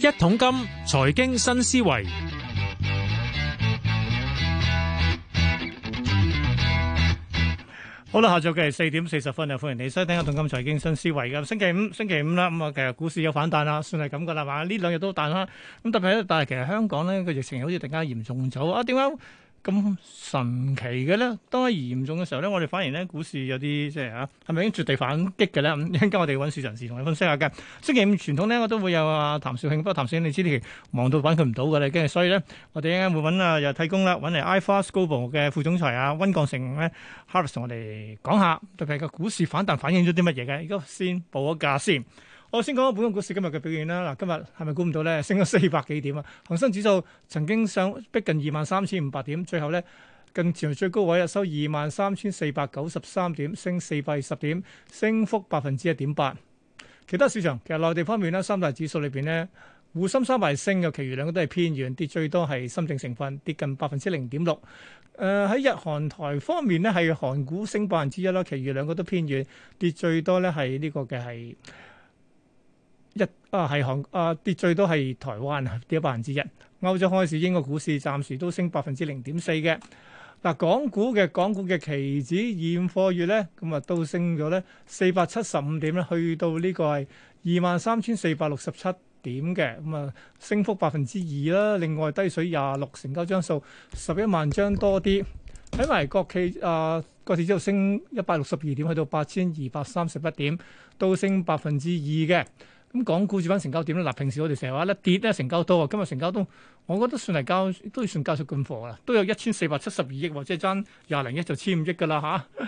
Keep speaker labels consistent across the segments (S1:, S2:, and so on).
S1: 一桶金財經新思維，好啦，下晝嘅係四點四十分啊，歡迎你收聽一桶金財經新思維，咁星期五，星期五啦，咁啊，其實股市有反彈啦，算係咁噶啦嘛，呢兩日都彈啦，咁特別咧，但係其實香港呢個疫情好似更加嚴重咗啊，點解？咁神奇嘅咧，當係嚴重嘅時候咧，我哋反而咧股市有啲即係係咪已經絕地反擊嘅咧？一陣間我哋揾市場人士同你分析下嘅。星期五傳統咧，我都會有啊譚少慶，不過譚少慶你知呢期忙到揾佢唔到嘅啦，跟住所以咧我哋一間會揾啊又提供啦，揾嚟 iFAST Global 嘅副總裁啊溫鋼城咧 Harvest 我哋講下，特別係個股市反彈反映咗啲乜嘢嘅，而家先報個價先。我先講下本港股市今日嘅表現啦。嗱，今日係咪估唔到咧？升咗四百幾點啊！恒生指數曾經上逼近二萬三千五百點，最後咧近前最高位啊，收二萬三千四百九十三點，升四百二十點，升幅百分之一點八。其他市場其實內地方面咧，三大指數裏邊咧，滬深三百係升嘅，其餘兩個都係偏軟，跌最多係深證成分跌近百分之零點六。誒、呃、喺日韓台方面咧，係韓股升百分之一啦，其餘兩個都偏軟，跌最多咧係呢個嘅係。一啊，係韓啊跌最多係台灣跌百分之一。歐洲開市，英國股市暫時都升百分之零點四嘅。嗱、啊，港股嘅港股嘅期指現貨月咧，咁啊都升咗咧四百七十五點咧，去到呢個係二萬三千四百六十七點嘅，咁啊升幅百分之二啦。另外低水廿六，成交張數十一萬張多啲。睇埋國企啊，個市之後升一百六十二點，去到八千二百三十一點，都升百分之二嘅。的咁港股主板成交點咧，嗱平時我哋成日話咧跌咧成交多，今日成交都，我覺得算係交，都算交出軍貨啦，都有一千四百七十二億或者爭廿零億就千五億噶啦嚇。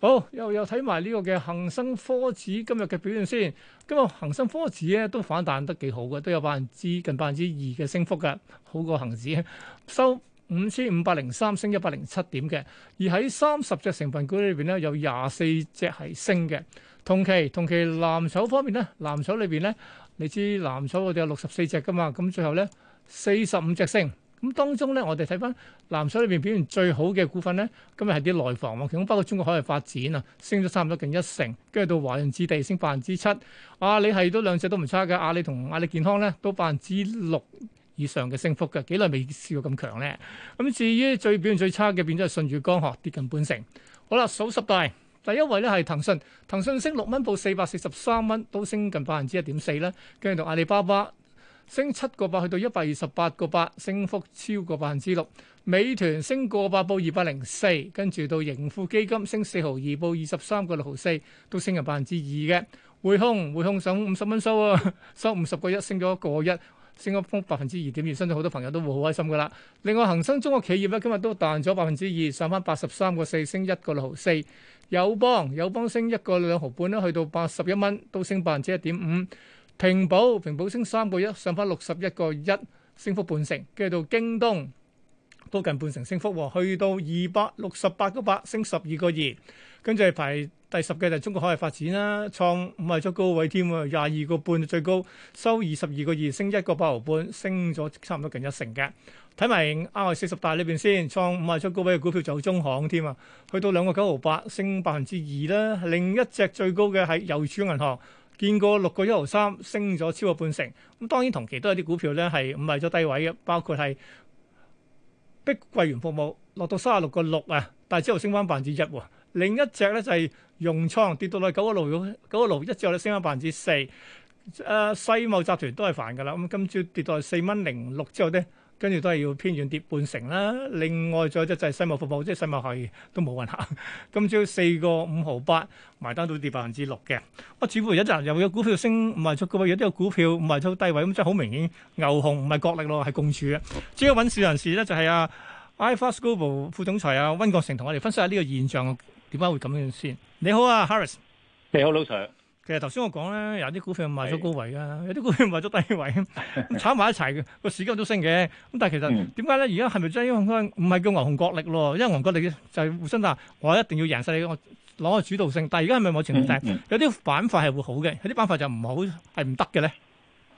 S1: 好，又又睇埋呢個嘅恒生科指今日嘅表現先。今日恒生科指咧都反彈得幾好嘅，都有百分之近百分之二嘅升幅嘅，好過恒指收五千五百零三，升一百零七點嘅。而喺三十隻成分股裏面咧，有廿四隻係升嘅。同期同期藍籌方面咧，藍籌裏邊咧，你知藍籌我哋有六十四隻噶嘛，咁最後咧四十五隻升，咁當中咧我哋睇翻藍籌裏邊表現最好嘅股份咧，今日係啲內房喎，其中包括中國海外發展啊，升咗差唔多近一成，跟住到華潤置地升百分之七，阿里係都兩隻都唔差嘅，阿里同阿里健康咧都百分之六以上嘅升幅嘅，幾耐未試過咁強咧？咁至於最表現最差嘅變咗係信義光能跌近半成。好啦，數十大。第一位咧係騰訊，騰訊升六蚊報四百四十三蚊，都升近百分之一點四啦。跟住到阿里巴巴升，升七個八去到一百二十八個八，升幅超過百分之六。美團升個八報二百零四，跟住到盈富基金升四毫二報二十三個六毫四，都升近百分之二嘅。匯控匯控上五十蚊收啊，收五十個一升咗一個一。升幅百分之二點二，相信好多朋友都會好開心噶啦。另外恒生中國企業咧，今日都彈咗百分之二，上翻八十三個四，升一個六毫四。友邦友邦升一個兩毫半啦，去到八十一蚊，都升百分之一點五。平保平保升三個一，上翻六十一個一，升幅半成。跟住到京東都近半成升幅喎，去到二百六十八個八，升十二個二。跟住排。第十嘅就係中國海外發展啦，創五日最高位添喎，廿二個半最高，收二十二個二，升一個八毫半，升咗差唔多近一成嘅。睇埋啱啱四十大裏邊先，創五日最高位嘅股票就係中行添啊，去到兩個九毫八，升百分之二啦。另一隻最高嘅係郵儲銀行，見過六個一毫三，升咗超過半成。咁當然同期都有啲股票咧係五日咗低位嘅，包括係碧桂園服務落到三十六個六啊，但係之後升翻百分之一喎。另一隻咧就係融創跌到落九個六，九個六一之後咧，升翻百分之四。誒，世茂集團都係煩噶啦，咁今朝跌到四蚊零六之後咧，跟住都係要偏軟跌半成啦。另外再有隻就係世茂服務，即係世茂係都冇運行，今朝四個五毫八埋單都跌百分之六嘅。哇，似乎有隻又有股票升唔係錯嘅喎，有啲嘅股票唔係錯低位咁，真係好明顯牛熊唔係角力咯，係共處嘅。至於揾事人士咧，就係啊，iFAST Global 副總裁啊溫鋼城同我哋分析下呢個現象。點解會咁樣先？你好啊，Harris。你好，老徐。其實頭先我講咧，有啲股票賣咗高位啊，有啲股票賣咗低位咁炒埋一齊嘅個市均都升嘅。咁但係其實點解咧？而家係咪將呢樣嘢？唔係叫牛熊角力咯，因為牛熊角力就係互相打，我一定要贏曬你，我攞個主導性。但係而家係咪冇前提、嗯？有啲板塊係會好嘅，有啲板塊就唔
S2: 好，係唔得嘅咧。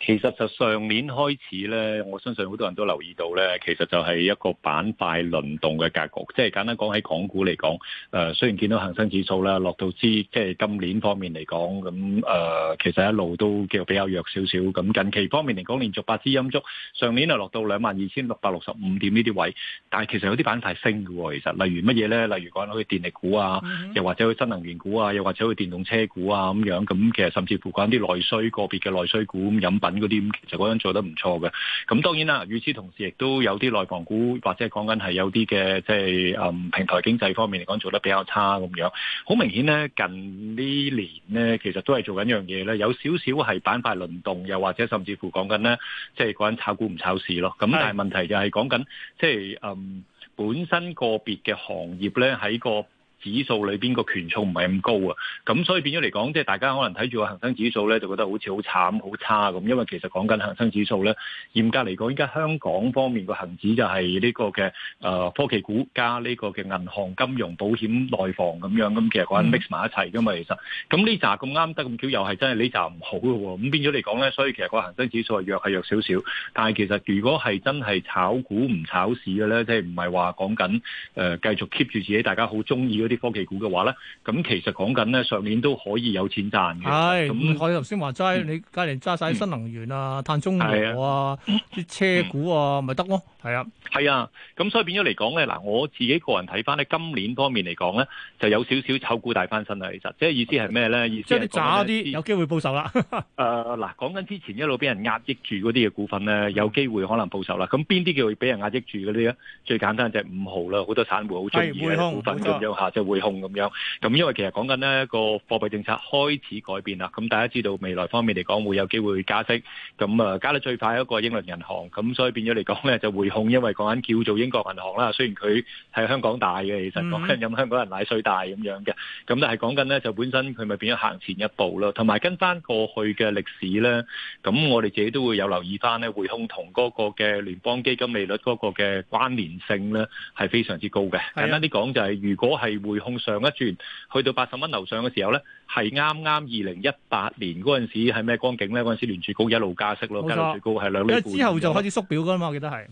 S2: 其實就上年開始咧，我相信好多人都留意到咧，其實就係一個板塊輪動嘅格局。即係簡單講喺港股嚟講，誒、呃，雖然見到恒生指數呢落到之即係今年方面嚟講，咁、嗯、誒、呃，其實一路都叫比較弱少少。咁近期方面嚟講，連續八支陰燭，上年啊落到兩萬二千六百六十五點呢啲位，但係其實有啲板塊升喎。其實例如乜嘢咧？例如講去電力股啊，嗯、又或者去新能源股啊，又或者去電動車股啊咁樣。咁其實甚至乎講啲內需個別嘅內需股，咁飲品。嗰啲咁，其實嗰陣做得唔錯嘅。咁當然啦，與此同時亦都有啲內房股，或者係講緊係有啲嘅，即係嗯平台經濟方面嚟講做得比較差咁樣。好明顯咧，近呢年咧，其實都係做緊一樣嘢咧，有少少係板塊輪動，又或者甚至乎講緊咧，即係講緊炒股唔炒市咯。咁但係問題就係講緊，即係嗯本身個別嘅行業咧喺個指數裏邊個權重唔係咁高啊，咁所以變咗嚟講，即係大家可能睇住個恒生指數咧，就覺得好似好慘好差咁，因為其實講緊恒生指數咧，嚴格嚟講，依家香港方面個恒指就係呢個嘅誒科技股加呢個嘅銀行、金融、保險、內房咁樣咁，其實個人 mix 埋一齊㗎嘛，其實，咁呢隻咁啱得咁巧，又係真係呢隻唔好嘅喎，咁變咗嚟講咧，所以其實個恒生指數係弱係弱少少，但係其實如果係真係炒股唔炒市嘅咧，即係唔係話講緊誒繼續 keep 住自己大家好中意啲科技股嘅話咧，咁其實講緊咧，上年都可以有錢賺嘅。係、
S1: 哎，咁我頭先話齋，你隔籬揸晒新能源啊、嗯、碳中和啊、啲、嗯、車股啊，咪得咯。
S2: 係啊，係啊，咁、嗯啊、所以變咗嚟講咧，嗱，我自己個人睇翻咧，今年方面嚟講咧，就有少少炒股大翻身啦。其實，即係意思係咩咧？意思即係你揸啲
S1: 有機會報仇啦。
S2: 誒，嗱，講緊之前一路俾人壓抑住嗰啲嘅股份咧，有機會可能報仇啦。咁邊啲叫俾人壓抑住嗰啲咧？最簡單就係五號啦，好多散戶好中意股份咁樣下滙控咁樣，咁因為其實講緊呢個貨幣政策開始改變啦，咁大家知道未來方面嚟講會有機會加息，咁啊加得最快一個英倫銀行，咁所以變咗嚟講咧就滙控，因為講緊叫做英國銀行啦，雖然佢係香港大嘅，其實講緊飲香港人奶水大咁樣嘅，咁但係講緊咧就本身佢咪變咗行前一步咯，同埋跟翻過去嘅歷史咧，咁我哋自己都會有留意翻咧滙控同嗰個嘅聯邦基金利率嗰個嘅關聯性咧係非常之高嘅，簡單啲講就係如果係滙匯控上一轉去到八十蚊樓上嘅時候咧。係啱啱二零一八年嗰陣時係咩光景咧？嗰陣時聯儲局一路加息咯，加息最高係兩釐半。之後就開
S1: 始縮表噶啦嘛，我記得係。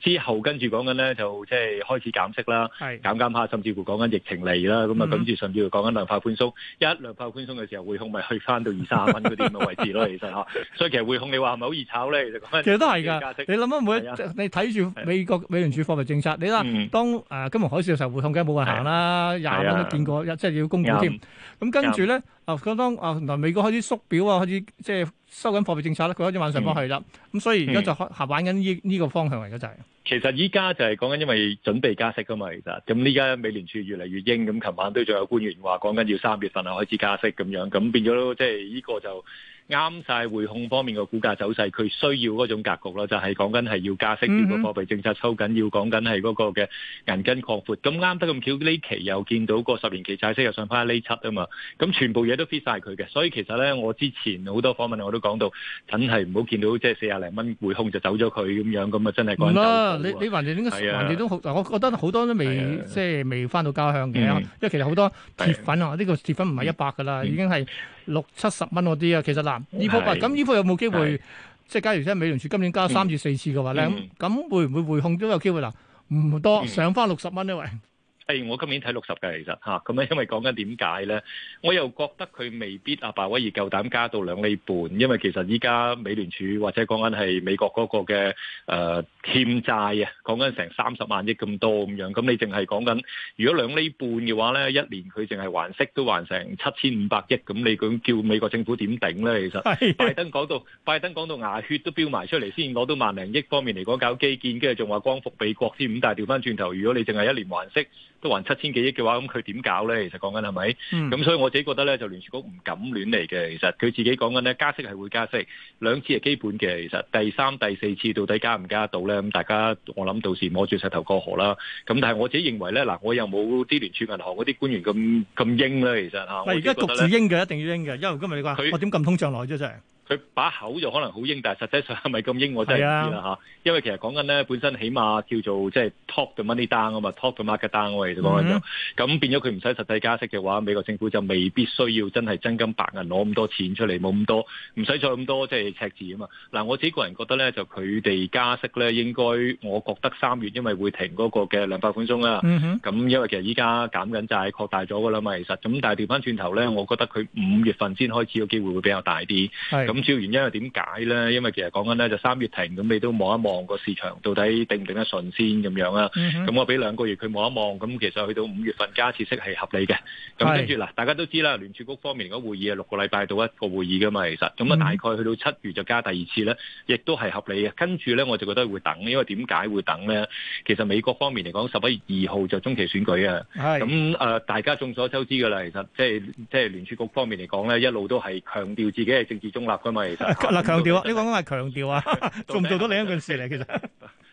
S2: 之後跟住講緊咧，就即係開始減息啦，減減下，甚至乎講緊疫情嚟啦，咁啊跟住甚至乎講緊量化寬鬆，一量化寬鬆嘅時候，匯控咪去翻到二三十蚊嗰啲咁嘅位置咯，其實嚇。所以其實匯控你話係咪好易炒咧？其實其實都係㗎，你諗下，每你睇住
S1: 美國美聯儲貨幣政策，你啦，當誒金融海嘯時候，匯控梗係冇人行啦，廿蚊都見過，即係要供股添。咁跟住咧。啊，當啊，嗱，美國開始縮表啊，開始即係收緊貨幣政策啦，佢開始往上方去啦，咁、嗯、所以而家就下玩緊呢呢個方向嚟就係。
S2: 其實依家就係講緊因為準備加息噶嘛，其實咁依家美聯儲越嚟越鷹，咁琴晚都仲有官員話講緊要三月份啊開始加息咁樣，咁變咗即係呢個就。啱晒匯控方面個股價走勢，佢需要嗰種格局咯，就係講緊係要加息，如果貨幣政策收緊，要講緊係嗰個嘅銀根擴闊。咁啱得咁巧，呢期又見到個十年期債息又上翻一厘七啊嘛。咁全部嘢都 fit 晒佢嘅，所以其實咧，我之前好多訪問我都講到，真係唔好見到即係四廿零蚊匯控就走咗佢咁樣，咁啊真係唔啦。
S1: 你你話你應該，還掂都好、啊，我覺得好多都未、啊、即係未翻到家鄉嘅、啊嗯，因為其實好多鐵粉啊，呢、呢個鐵粉唔係一百噶啦，已經係。六七十蚊嗰啲啊，其實嗱，衣幅白咁，衣、e、幅、e、有冇機會？即係假如真係美聯儲今年加三至四次嘅話咧，咁、嗯、咁會唔會滙控都有機會嗱？唔、嗯、多上翻六十蚊呢位。嗯喂
S2: 係、哎，我今年睇六十嘅其實嚇，咁、啊、咧，因為講緊點解咧，我又覺得佢未必阿鮑威爾夠膽加到兩厘半，因為其實依家美聯儲或者講緊係美國嗰個嘅誒、呃、欠債啊，講緊成三十萬億咁多咁樣，咁你淨係講緊如果兩厘半嘅話咧，一年佢淨係還息都還成七千五百億，咁你咁叫美國政府點頂咧？其實 拜登講到，拜登講到牙血都飆埋出嚟先攞到萬零億，方面嚟講搞基建，跟住仲話光復美國先咁，但係調返轉頭，如果你淨係一年還息。都還七千幾億嘅話，咁佢點搞咧？其實講緊係咪？咁所以我自己覺得咧，就聯儲局唔敢亂嚟嘅。其實佢自己講緊咧，加息係會加息兩次係基本嘅。其實第三、第四次到底加唔加得到咧？咁大家我諗到時摸住石頭過河啦。咁但係我自己認為咧，嗱，我又冇啲聯儲銀行嗰啲官員咁咁英咧。其實嚇，係而家焗住英
S1: 嘅，一定要英嘅。因為今日你話我點撳通脹落去啫。真係。
S2: 佢把口就可能好英，但係實際上係咪咁英，我真係唔知啦、啊、因為其實講緊咧，本身起碼叫做即係、就是、top 嘅 money down 啊嘛，top 嘅 market down 啊、嗯，其實講緊就咁變咗佢唔使實際加息嘅話，美國政府就未必需要真係真金白銀攞咁多錢出嚟，冇咁多，唔使再咁多即係、就是、赤字啊嘛。嗱，我自己個人覺得咧，就佢哋加息咧，應該我覺得三月因為會停嗰個嘅量化寬鬆啦，咁、嗯、因為其實依家減緊債擴大咗嘅啦嘛，其實咁但係調翻轉頭咧，我覺得佢五月份先開始嘅機會會比較大啲，咁。主要原因係點解咧？因為其實講緊咧就三月停，咁你都望一望個市場到底定唔定得順先咁樣啦。咁我俾兩個月佢望一望，咁其實去到五月份加一次息係合理嘅。咁跟住嗱，大家都知啦，聯儲局方面嚟講會議係六個禮拜到一個會議噶嘛，其實咁啊大概去到七月就加第二次咧，亦都係合理嘅。跟住咧我就覺得會等，因為點解會等咧？其實美國方面嚟講十一月二號就中期選舉啊。咁誒大家眾所周知㗎啦，其實即係即係聯儲局方面嚟講咧，一路都係強調自己係政治中立。咁咪嗱，強
S1: 調啊！你講緊係強調啊，做唔做到另一件事嚟？其實，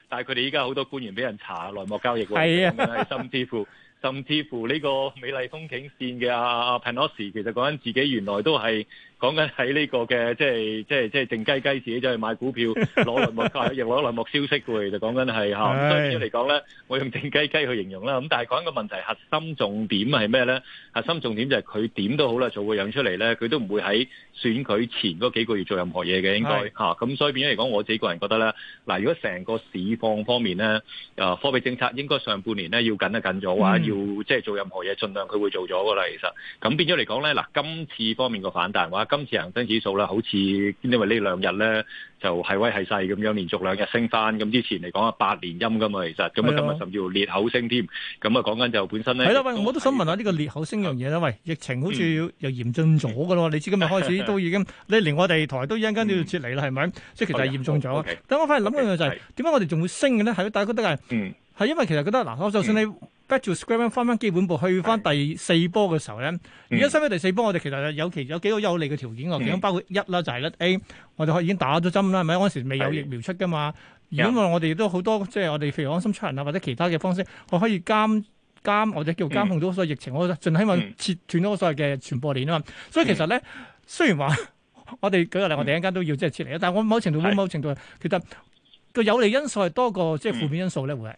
S2: 但係佢哋依家好多官員俾人查內幕交易喎，係啊甚，甚至乎甚至乎呢個美麗風景線嘅阿阿 Pelosi 其實講緊自己原來都係。講緊喺呢個嘅，即係即係即係靜雞雞自己走去買股票，攞內幕又攞內幕消息嘅，就講緊係吓。 所以嚟講咧，我用靜雞雞去形容啦。咁但係講一個問題核心重點係咩咧？核心重點就係佢點都好啦，做個樣出嚟咧，佢都唔會喺選舉前嗰幾個月做任何嘢嘅，應該吓。咁 所以變咗嚟講，我自己個人覺得咧，嗱，如果成個市況方面咧，誒，貨幣政策應該上半年咧要緊一緊咗話要即係做任何嘢，盡量佢會做咗噶啦。其實咁變咗嚟講咧，嗱，今次方面個反彈話。今次恒生指數啦，好似因為呢兩日咧就係、是、威係勢咁樣，連續兩日升翻。咁之前嚟講啊，八連陰噶嘛，其實咁啊，今日甚至乎裂口升添。咁啊，講緊就本身咧，係啦、啊，喂，我都想問下呢個裂
S1: 口升樣嘢啦，喂，疫情好似又嚴峻咗噶咯喎。你知今日開始都已經， 你連我哋台都一間都要撤離啦，係、嗯、咪？即係其實係嚴重咗。Okay, okay, okay, okay, 等我翻嚟諗嘅就係點解我哋仲會升嘅咧？係咯，大家覺得係，係、嗯、因為其實覺得嗱，我就算、嗯、你。繼續 scraping 翻翻基本步去翻第四波嘅時候咧、嗯，而家收翻第四波，我哋其實有其有幾個有利嘅條件嘅，其、嗯、中包括一啦，就係、是、咧 A，我哋可以已經打咗針啦，係咪？嗰陣時未有疫苗出嘅嘛，如果我哋都好多即係我哋譬如安心出行啊或者其他嘅方式，我可以監監或者叫監控到所有疫情、嗯，我盡希望切斷咗所有嘅傳播鏈啊嘛。所以其實咧、嗯，雖然話我哋舉個例，我哋一間都要即係撤離啦，但係我某程度、某某程度，其實個有利的因素係多過即係負面因素咧，會、嗯、係。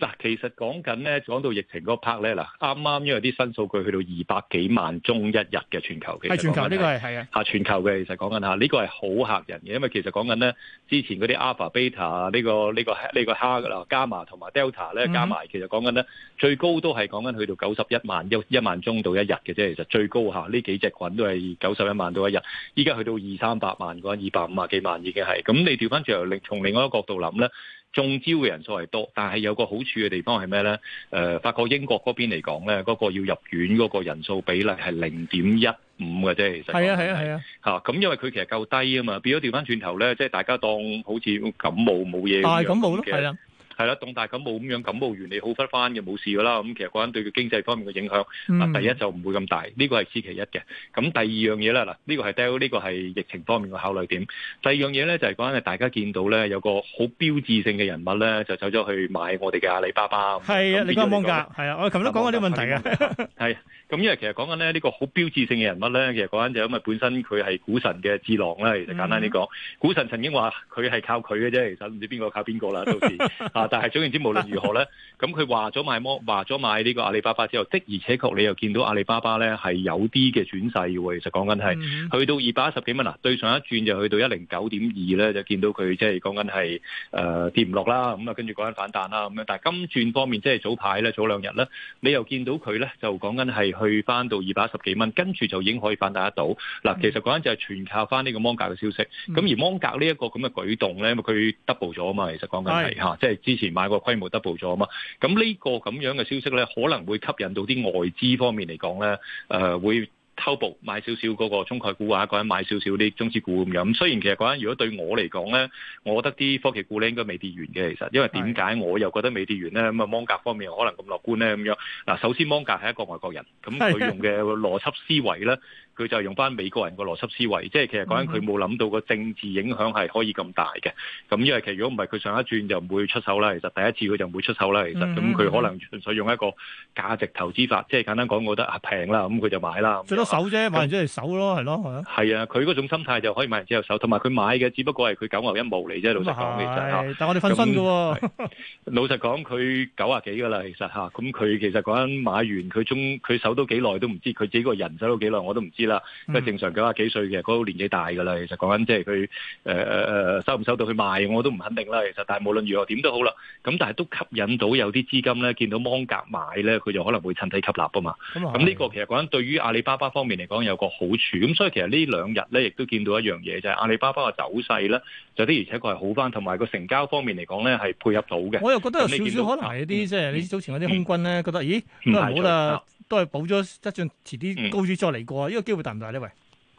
S2: 嗱，其實講緊咧，講到疫情嗰 part 咧，嗱，啱啱因為啲新數據去到二百幾萬宗一日嘅全球，係全球呢個係係啊，全球嘅，其實講緊吓呢個係好嚇人嘅，因為其實講緊咧，之前嗰啲 Alpha Beta、呢個、Beta、呢、呢個呢個呢個哈嗱、伽馬同埋 Delta 咧，加埋、嗯、其實講緊咧，最高都係講緊去到九十一萬一一萬宗到一日嘅啫，其實最高吓呢幾隻菌都係九十一萬到一日，依家去到二三百萬嘅話，二百五啊幾萬已經係，咁你調翻轉嚟，從另外一個角度諗咧。中招嘅人數係多，但係有個好處嘅地方係咩咧？誒、呃，發覺英國嗰邊嚟講咧，嗰、嗰個要入院嗰個人數比例係零點一五嘅啫，其實係啊係啊係啊咁、啊、因為佢其實夠低啊嘛，變咗掉翻轉頭咧，即係大家當好似感冒冇嘢，係、啊、感冒咯，係啦、啊。係啦、啊，凍大感冒咁樣感冒完，你好翻翻嘅冇事噶啦。咁其實講緊對佢經濟方面嘅影響、嗯，第一就唔會咁大，呢個係其一嘅。咁第二樣嘢咧，嗱，呢個係 deal，呢個係疫情方面嘅考慮點。第二樣嘢咧就係講緊大家見到咧有個好標誌性嘅人物咧就走咗去買我哋嘅阿里巴巴。係啊，芒格噶，係啊，我琴
S1: 日都講過呢個問題噶、
S2: 啊。係、 啊，咁因為其實講緊咧呢個好標誌性嘅人物咧，其實講緊就因為本身佢係股神嘅智囊啦。其實簡單啲講，股、嗯、神曾經話佢係靠佢嘅啫，其實唔知邊個靠邊個啦，到時。 但係總言之，無論如何咧，咁佢話咗買摩，話咗買呢個阿里巴巴之後，的而且確你又見到阿里巴巴咧係有啲嘅轉勢喎。其實講緊係去到二百一十幾蚊啊，對上一轉就去到一零九點二咧，就見到佢即係講緊係誒跌唔落啦。咁啊，跟住嗰陣反彈啦。咁樣，但係今轉方面即係早排咧，早兩日咧，你又見到佢咧就講緊係去翻到二百一十幾蚊，跟住就已經可以反彈得到。嗱，其實嗰陣就係全靠翻呢個芒格嘅消息。咁、嗯、而芒格呢一個咁嘅舉動咧，佢 double 咗啊嘛。其實講緊係吓，即之前買個規模得 e 咗啊嘛，咁呢個咁樣嘅消息咧，可能會吸引到啲外資方面嚟講咧，誒、呃、會偷步買少少嗰個中概股啊，或者買少少啲中資股咁樣。咁雖然其實嗰陣如果對我嚟講咧，我覺得啲科技股咧應該未跌完嘅，其實因為點解我又覺得未跌完咧？咁啊，芒格方面可能咁樂觀咧咁樣。嗱，首先芒格係一個外國人，咁佢用嘅邏輯思維咧。 佢就係用翻美國人個邏輯思維，即係其實講緊佢冇諗到個政治影響係可以咁大嘅。咁因為其實如果唔係佢上一轉就唔會出手啦。其實第一次佢就唔會出手啦。其實咁佢可能純粹用一個價值投資法，即係簡單講，我覺得平啦，咁佢、嗯、就買啦。最多
S1: 守啫，買完之後守咯，
S2: 係咯。係啊，佢嗰種心態就可以買完之後守，同埋佢買嘅，只不過係佢九牛一毛嚟啫。老實講，其實但我哋分身嘅
S1: 喎、
S2: 嗯。 老實講，佢九啊幾嘅啦，其實吓，咁佢其實講緊買完，佢中佢守都幾耐都唔知，佢自己個人守到幾耐我都唔知。啦、嗯，正常九廿幾歲嘅，嗰、那個年紀大噶啦。其實講緊即係佢誒誒誒收唔收到佢賣，我都唔肯定啦。其實，但係無論如何點都好啦。咁但係都吸引到有啲資金咧，見到芒格買咧，佢就可能會趁低吸納啊嘛。咁啊、咁、嗯、呢、這個其實講緊對於阿里巴巴方面嚟講有個好處。咁所以其實這兩天呢兩日咧，亦都見到一樣嘢就係、是、阿里巴巴嘅走勢咧，就的而且確係好翻，同埋個成交方面嚟講咧係配合到嘅。我又覺得有少少可
S1: 能啲，即、嗯、係你早前啲空軍咧、嗯嗯、覺得咦，唔係啦。不都係保咗，即係遲啲高招再嚟過啊，呢、嗯呢個機會大唔大咧？喂。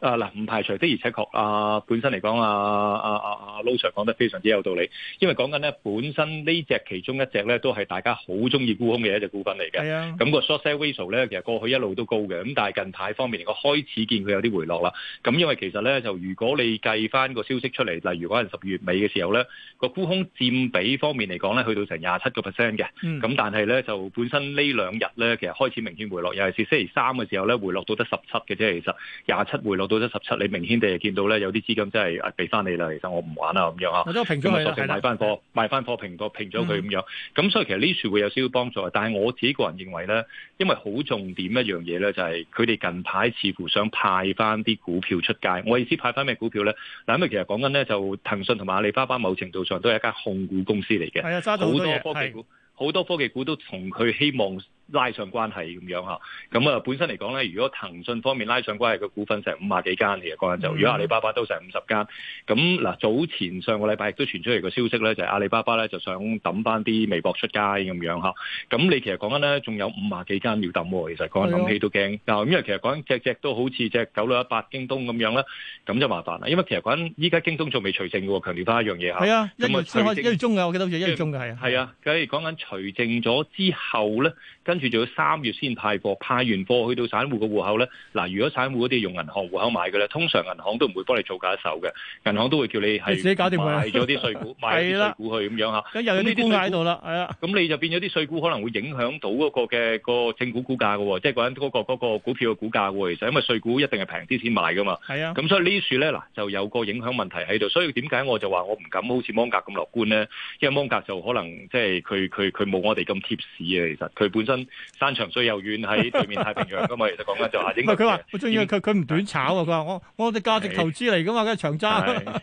S2: 啊嗱，唔排除的，而且確啊，本身嚟講，啊啊啊啊 Lo Sir 講得非常之有道理。因為講緊咧，本身呢隻其中一隻咧，都係大家好中意沽空嘅一隻股份嚟嘅。啊，咁、個 short sale ratio 呢，咧，其實過去一路都高嘅，咁但係近排方面，我開始見佢有啲回落啦。咁因為其實咧，就如果你計翻個消息出嚟，例如可能十月尾嘅時候咧，個沽空佔比方面嚟講咧，去到成廿七個 percent 嘅。咁、嗯、但係咧，就本身呢兩日咧，其實開始明顯回落，尤其是星期三嘅時候咧，回落到得十七嘅啫，其實廿七回落到咗十七，你明顯地係見到咧，有啲資金真係啊俾翻你啦。其實我唔玩啦咁樣啊。咁我平咗佢索性賣翻貨，賣翻貨，貨平過平咗佢咁樣。咁、嗯、所以其實呢處會有少少幫助。但係我自己個人認為咧，因為好重點一樣嘢咧，就係佢哋近排似乎想派翻啲股票出街。我意思派翻咩股票咧？嗱咁其實講緊咧就騰訊同埋阿里巴巴，某程度上都係一間控股公司嚟嘅。啊，好多，多科技股，好多科技股都同佢希望。拉上關係咁樣嚇。咁啊本身嚟講咧，如果騰訊方面拉上關係嘅股份成五廿幾間嘅，其實講緊就如果阿里巴巴都成五十間。咁嗱，早前上個禮拜亦都傳出嚟個消息咧，就係、是、阿里巴巴咧就想抌翻啲微博出街咁樣嚇。咁你其實講緊咧，仲有五廿幾間要抌喎，其實講緊諗起都驚。嗱，因為其實講緊隻只都好似隻九六一八、京東咁樣啦，咁就麻煩啦。因為其實講緊依家京東仲未除剩嘅喎，強調翻一樣嘢嚇。係啊，啊，因為一日除一月
S1: 中啊，我記得好似一月中㗎係。
S2: 係啊，咁而講緊除剩咗之後咧，跟跟住仲要三月先派貨，派完貨去到散戶嘅戶口咧。嗱、啊，如果散戶嗰啲用銀行戶口買嘅咧，通常銀行都唔會幫你做假手嘅，銀行都會叫你係自己搞掂咗啲稅股，賣啲稅股去咁樣吓。咁呢啲喺度啦，係啊。咁你就變咗啲稅股，可能會影響到嗰個嘅、嗰個正股股價嘅，即係嗰間嗰個、嗰個嗰個嗰個股票嘅股價嘅，其實因為稅股一定係平啲先買噶嘛。係啊。咁所以呢處咧嗱，就有個影響問題喺度。所以點解我就話我唔敢好似芒格咁樂觀咧？因為芒格就可能即係佢佢佢冇我哋咁貼士啊。其實佢本身。山長水又遠，喺對面太平洋噶。 我其實講緊就係應該佢話，我仲意佢
S1: 佢唔短炒啊，佢話我我哋價值投資嚟噶嘛，梗係長揸。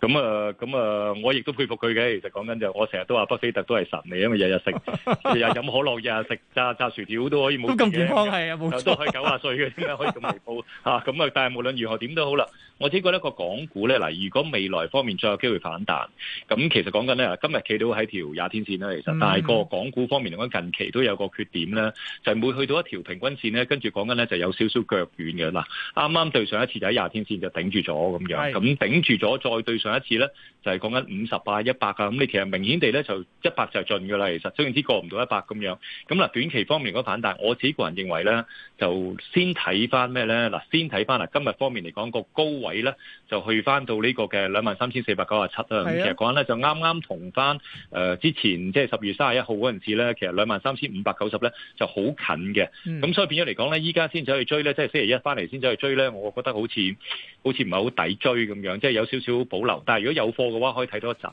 S2: 咁、嗯、啊，咁、嗯、啊、嗯，我亦都佩服佢嘅。其實講緊就，我成日都話巴菲特都係神嚟，因為日日食，日日飲可樂，日日食炸炸薯條都可以冇。都咁健康係啊，冇、嗯嗯、錯都可以九啊歲嘅，點解可以咁離譜嚇咁啊，但係無論如何點都好啦，我只覺得個港股咧，嗱，如果未來方面再有機會反彈，咁其實講緊咧，今日企到喺條廿天線啦。其實，但係個港股方面，另外近期都有個缺點咧，就係、每去到一條平均線咧，跟住講緊咧就有少少腳軟嘅啦。啱啱對上一次就喺廿天線就頂住咗咁樣，咁頂住咗再對上。有一次咧就係講緊五十啊、一百啊，咁你其實明顯地咧就一百就盡㗎啦。其實總言之過唔到一百咁樣，咁嗱，短期方面嗰反彈，我自己個人認為咧。就先睇翻咩咧？嗱，先睇翻嗱，今日方面嚟講個高位咧，就去翻到呢個嘅兩萬三千四百九十七啦。咁其實講咧就啱啱同翻誒之前即係十月卅一號嗰陣時咧，其實兩萬三千五百九十咧就好、呃、近嘅。咁、嗯、所以變咗嚟講咧，依家先走去追咧，即係星期一翻嚟先走去追咧，我覺得好似好似唔係好抵追咁樣，即係有少少保留。但係如果有貨嘅話，可以睇多一陣。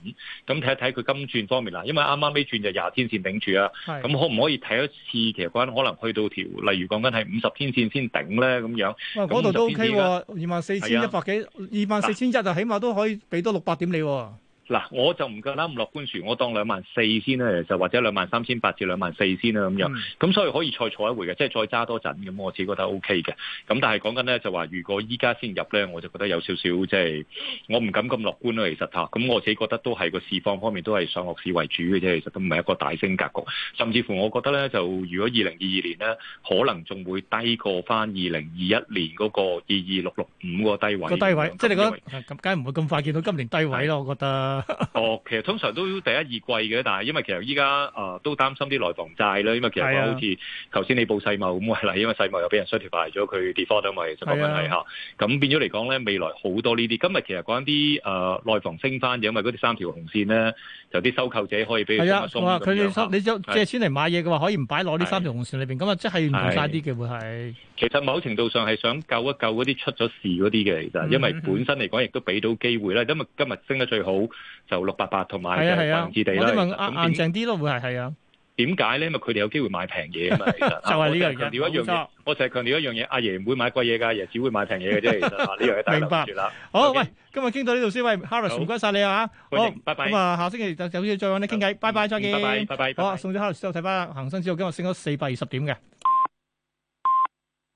S2: 咁睇一睇佢金轉方面啦，因為啱啱尾轉就廿天線頂住啊。咁可唔可以睇一次？其實講可能去到條，例如講緊係。五十天綫先頂咧咁樣，嗰度都 OK，二萬
S1: 四千一百幾，啊、二萬四千一就起碼都可以俾多六百點你、啊。
S2: 嗱，我就唔夠啦，唔樂觀船，我當兩萬四先啦，其實或者兩萬三千八至兩萬四先啦咁樣，咁、嗯、所以可以再坐一回嘅，即係再揸多陣咁，我自己覺得 O K 嘅。咁但係講緊咧，就話如果依家先入咧，我就覺得有少少即係我唔敢咁樂觀啦。其實嚇，咁我自己覺得都係個市況方面都係上落市為主嘅啫。其實都唔係一個大升格局，甚至乎我覺得咧，就如果二零二二年咧，可能仲會低過翻二零二一年嗰個二二六六五個低位個低位，低位即係你覺得，
S1: 咁，解唔會咁快見到今年低位咯，我覺得。
S2: 哦，其實通常都第一二季嘅，但係因為其實依家誒都擔心啲內房債啦。因為其實好似頭先你報世茂咁啦，因為世茂又俾人衰退埋咗，佢跌翻咗嘛，其實冇問題吓。咁、 啊、變咗嚟講咧，未來好多呢啲。今日其實講啲誒內房升翻，因為嗰啲三條紅線咧，就啲收購者可以俾佢啊，佢你借錢
S1: 嚟買嘢嘅話，可以唔擺攞呢三條紅線裏邊。咁啊就，即係唔曬啲嘅會係。
S2: 其實某程度上係想救一救嗰啲出咗事嗰啲嘅，其實，因為本身嚟講亦都俾到機會啦。因為今日升得最好。就六百八同埋恒指地啦，咁硬
S1: 淨啲咯，會係係啊？啊啊
S2: 點解咧？咪佢哋有機會買平嘢 啊？嘛，啊，其實就係呢樣嘢，一樣嘢，我成日強調一樣嘢，阿爺唔會買貴嘢噶，阿爺只會買平嘢嘅啫。其實呢樣嘢大家明白。
S1: 好，okay，喂，今日傾到呢度先。喂，哈瑞，唔該晒你啊！好，拜拜啊！下星期就有要再搵你傾偈，嗯，拜拜，再見，拜拜，拜拜。好啊，送
S2: 咗哈瑞之後睇翻恒生指數，今日升咗四百二十點嘅。